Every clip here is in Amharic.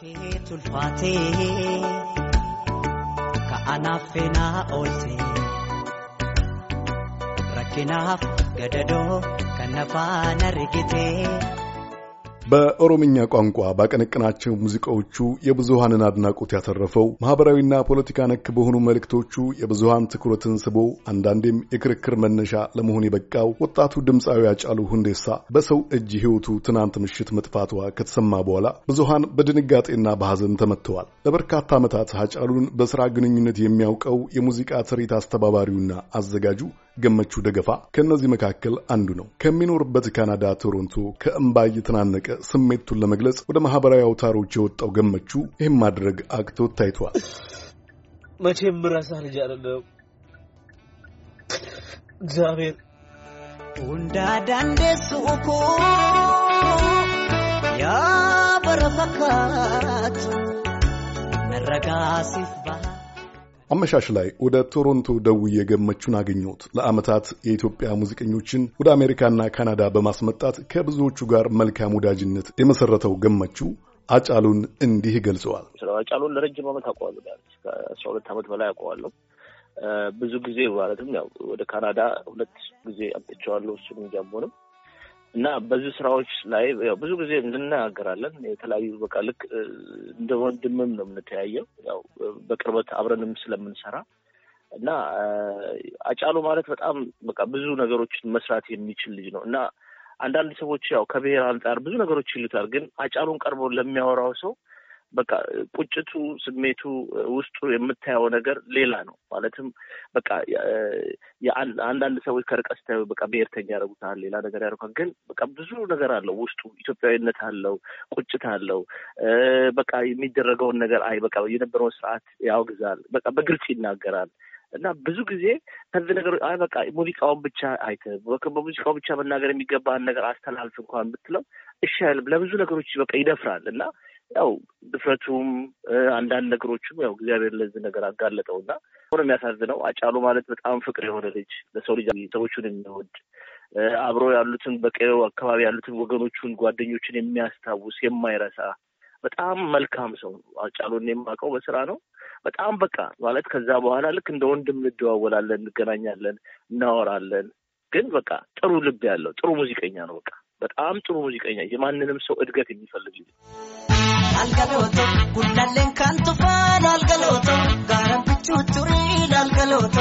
Keetu ulfaatee ka'anaaf feenaa ooltee rakkinaaf gadadoo kan nafaan argitee. በኦሮምኛ ቋንቋ ባቀነቀናቸው ሙዚቃዎቹ የብዙሃንን አድናቆት ያተረፈው ማህበራዊና ፖለቲካ ነክ በሆኑ መልእክቶቹ የብዙሃን ትኩረትን ስቦ አንዳንዴም የክርክር መነሻ ለመሆን የበቃው ወጣቱ ድምፃዊ አጫሉ ሁንዴሳ በሰው እጅ ሕይወቱ ትናንት ምሽት መጥፋቷ ከተሰማ በኋላ ብዙሃን በድንጋጤና በሐዘን ተመትተዋል። ለበርካታ ዓመታት አጫሉን በሥራ ግንኙነት የሚያውቀው የሙዚቃ ትርኢት አስተባባሪውና አዘጋጁ ገመቹ ደገፋ ከእነዚህ መካከል አንዱ ነው። ከሚኖርበት ካናዳ ቶሮንቶ ከእምባ እየተናነቀ ስሜቱን ለመግለጽ ወደ ማህበራዊ አውታሮች የወጣው ገመቹ ይህም ማድረግ አቅቶት ታይቷል። መቼም ራሳ ልጅ አይደለም እግዚአብሔር ወንዳዳንዴ ሱኮ ያ በረፈካት መረጋሲፍ አመሻሽ ላይ ወደ ቶሮንቶ ደውዬ ገመቹን አገኘሁት። ለዓመታት የኢትዮጵያ ሙዚቀኞችን ወደ አሜሪካና ካናዳ በማስመጣት ከብዙዎቹ ጋር መልካም ወዳጅነት የመሰረተው ገመቹ አጫሉን እንዲህ ገልጸዋል። አጫሉን ለረጅም ዓመት አውቀዋለሁ። ከአስራ ሁለት ዓመት በላይ አውቀዋለሁ። ብዙ ጊዜ ማለትም ያው ወደ ካናዳ ሁለት ጊዜ አምጥቼዋለሁ። እሱም ጃምቦንም እና በዚህ ስራዎች ላይ ያው ብዙ ጊዜ እንናገራለን። የተለያዩ በቃ ልክ እንደ ወንድምም ነው የምንተያየው ያው በቅርበት አብረንም ስለምንሰራ እና አጫሉ ማለት በጣም በቃ ብዙ ነገሮችን መስራት የሚችል ልጅ ነው እና አንዳንድ ሰዎች ያው ከብሔር አንጻር ብዙ ነገሮች ይሉታል፣ ግን አጫሉን ቀርቦ ለሚያወራው ሰው በቃ ቁጭቱ፣ ስሜቱ፣ ውስጡ የምታየው ነገር ሌላ ነው። ማለትም በቃ አንዳንድ ሰዎች ከርቀት ስታዩ በቃ ብሔርተኛ ያደርጉታል፣ ሌላ ነገር ያደርጉታል። ግን በቃ ብዙ ነገር አለው ውስጡ፣ ኢትዮጵያዊነት አለው፣ ቁጭት አለው። በቃ የሚደረገውን ነገር አይ በቃ የነበረውን ስርዓት ያወግዛል። በቃ በግልጽ ይናገራል። እና ብዙ ጊዜ ከዚህ ነገር አይ በቃ ሙዚቃውን ብቻ አይተ በሙዚቃው ብቻ መናገር የሚገባህን ነገር አስተላልፍ እንኳን ብትለው እሺ አይልም። ለብዙ ነገሮች በቃ ይደፍራል እና ያው ድፍረቱም አንዳንድ ነገሮችም ያው እግዚአብሔር ለዚህ ነገር አጋለጠውና ሆነ የሚያሳዝነው አጫሉ ማለት በጣም ፍቅር የሆነ ልጅ ለሰው ልጅ ሰዎቹን የሚወድ አብሮ ያሉትን በቀየው አካባቢ ያሉትን ወገኖቹን ጓደኞችን የሚያስታውስ የማይረሳ በጣም መልካም ሰው ነው። አጫሉን የማውቀው በስራ ነው። በጣም በቃ ማለት ከዛ በኋላ ልክ እንደ ወንድም እንደዋወላለን፣ እንገናኛለን፣ እናወራለን። ግን በቃ ጥሩ ልብ ያለው ጥሩ ሙዚቀኛ ነው። በቃ በጣም ጥሩ ሙዚቀኛ የማንንም ሰው እድገት የሚፈልግ ልጅ ላልገለወቶ ጉዳለን ካንቶፋ ላልገለወቶ ጋረን ቱሪ ላልገለወቶ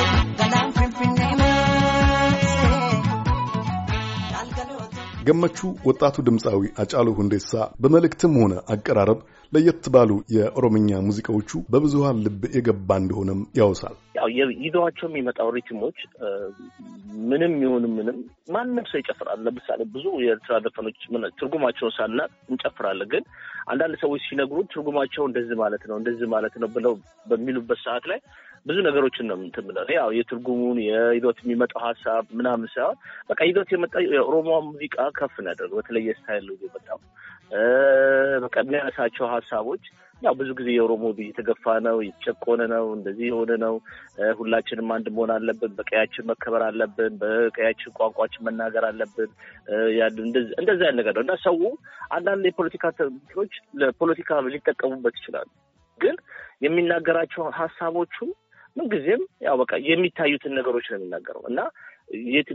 ገመቹ ወጣቱ ድምፃዊ አጫሉ ሁንዴሳ በመልእክትም ሆነ አቀራረብ ለየት ባሉ የኦሮምኛ ሙዚቃዎቹ በብዙሃን ልብ የገባ እንደሆነም ያውሳል። ይዘዋቸው የሚመጣው ሪትሞች ምንም ይሁን ምንም ማንም ሰው ይጨፍራል። ለምሳሌ ብዙ የኤርትራ ዘፈኖች ትርጉማቸውን ሳና እንጨፍራለን። ግን አንዳንድ ሰዎች ሲነግሩ ትርጉማቸው እንደዚህ ማለት ነው እንደዚህ ማለት ነው ብለው በሚሉበት ሰዓት ላይ ብዙ ነገሮችን ነው እንትን ብለው ያው የትርጉሙን የይዞት የሚመጣው ሀሳብ ምናምን ሳይሆን በቃ ይዞት የመጣ የኦሮሞ ሙዚቃ ከፍ ያደርግ በተለየ ስታይል የመጣው በቃ የሚያነሳቸው ሀሳቦች ያው ብዙ ጊዜ የኦሮሞ የተገፋ ነው፣ የተጨቆነ ነው፣ እንደዚህ የሆነ ነው። ሁላችንም አንድ መሆን አለብን፣ በቀያችን መከበር አለብን፣ በቀያችን ቋንቋችን መናገር አለብን። እንደዚ አይነት ነገር ነው እና ሰው አንዳንድ የፖለቲካ ትሎች ለፖለቲካ ሊጠቀሙበት ይችላሉ ግን የሚናገራቸው ሀሳቦቹ ምንጊዜም ጊዜም ያው በቃ የሚታዩትን ነገሮች ነው የሚናገረው እና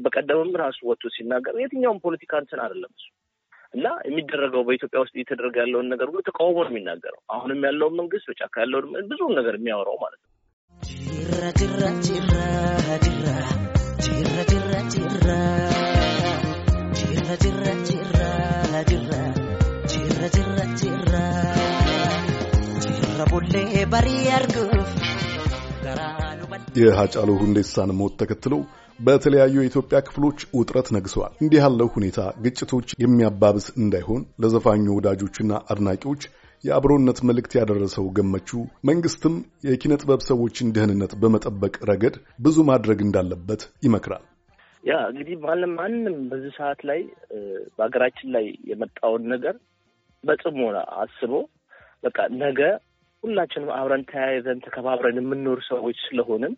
በቀደምም ራሱ ወጥቶ ሲናገር የትኛውም ፖለቲካ እንትን አይደለም እሱ እና የሚደረገው በኢትዮጵያ ውስጥ እየተደረገ ያለውን ነገር ሁሉ ተቃውሞ ነው የሚናገረው። አሁንም ያለውን መንግስት፣ በጫካ ያለውን ብዙውን ነገር የሚያወራው ማለት ነው። ቦሌ በሪ የሀጫሉ ሁንዴሳን ሞት ተከትሎ በተለያዩ የኢትዮጵያ ክፍሎች ውጥረት ነግሰዋል። እንዲህ ያለው ሁኔታ ግጭቶች የሚያባብስ እንዳይሆን ለዘፋኙ ወዳጆችና አድናቂዎች የአብሮነት መልእክት ያደረሰው ገመቹ መንግስትም የኪነ ጥበብ ሰዎችን ደህንነት በመጠበቅ ረገድ ብዙ ማድረግ እንዳለበት ይመክራል። ያ እንግዲህ ማለም ማንም በዚህ ሰዓት ላይ በሀገራችን ላይ የመጣውን ነገር በጽሞና አስቦ በቃ ነገ ሁላችንም አብረን ተያይዘን ተከባብረን የምንኖር ሰዎች ስለሆንን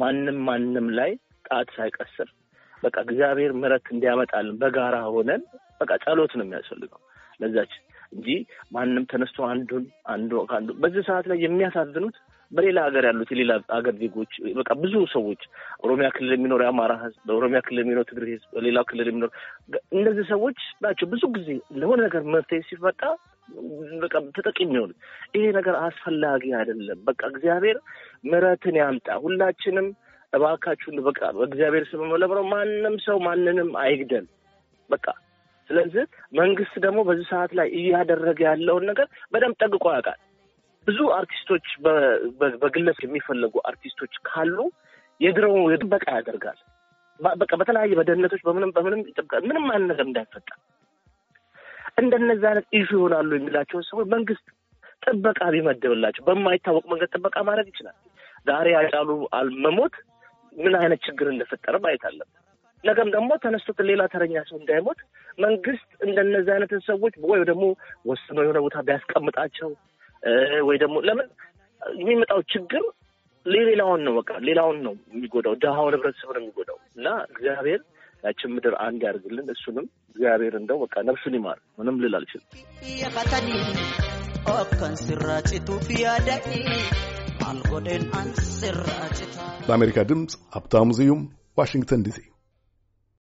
ማንም ማንም ላይ ጣት ሳይቀስር በቃ እግዚአብሔር ምረት እንዲያመጣልን በጋራ ሆነን በቃ ጸሎት ነው የሚያስፈልገው ለዛች እንጂ ማንም ተነስቶ አንዱን አንዱ ከአንዱ በዚህ ሰዓት ላይ የሚያሳዝኑት በሌላ ሀገር ያሉት የሌላ ሀገር ዜጎች በቃ ብዙ ሰዎች ኦሮሚያ ክልል የሚኖር የአማራ ህዝብ፣ በኦሮሚያ ክልል የሚኖር ትግሬ ህዝብ፣ በሌላው ክልል የሚኖር እነዚህ ሰዎች ናቸው ብዙ ጊዜ ለሆነ ነገር መፍትሄ ሲፈጣ በቃ ተጠቂ የሚሆን ይሄ ነገር አስፈላጊ አይደለም። በቃ እግዚአብሔር ምሕረትን ያምጣ። ሁላችንም እባካችሁን በቃ በእግዚአብሔር ስም መለምነው። ማንም ሰው ማንንም አይግደል በቃ ስለዚህ መንግስት ደግሞ በዚህ ሰዓት ላይ እያደረገ ያለውን ነገር በደንብ ጠንቅቆ ያውቃል። ብዙ አርቲስቶች በግለሰብ የሚፈለጉ አርቲስቶች ካሉ የድሮው ጥበቃ ያደርጋል። በቃ በተለያየ በደህንነቶች በምንም በምንም ጥበቃ ምንም አይነት ነገር እንዳይፈጠር እንደነዚህ አይነት ኢሹ ይሆናሉ የሚላቸውን ሰዎች መንግስት ጥበቃ ቢመደብላቸው በማይታወቅ መንገድ ጥበቃ ማድረግ ይችላል። ዛሬ አጫሉ አልመሞት ምን አይነት ችግር እንደፈጠረ ማየት አለብን። ነገም ደግሞ ተነስቶት ሌላ ተረኛ ሰው እንዳይሞት መንግስት እንደነዚህ አይነትን ሰዎች ወይ ደግሞ ወስኖ የሆነ ቦታ ቢያስቀምጣቸው ወይ ደግሞ ለምን የሚመጣው ችግር ሌላውን ነው በቃ ሌላውን ነው የሚጎዳው፣ ድሃውን ህብረተሰብ ነው የሚጎዳው። እና እግዚአብሔር ያችን ምድር አንድ ያደርግልን፣ እሱንም እግዚአብሔር እንደው በቃ ነፍሱን ይማር። ምንም ልል አልችልም። ድምፅ ሀብታሙ ስዩም ዋሽንግተን ዲሲ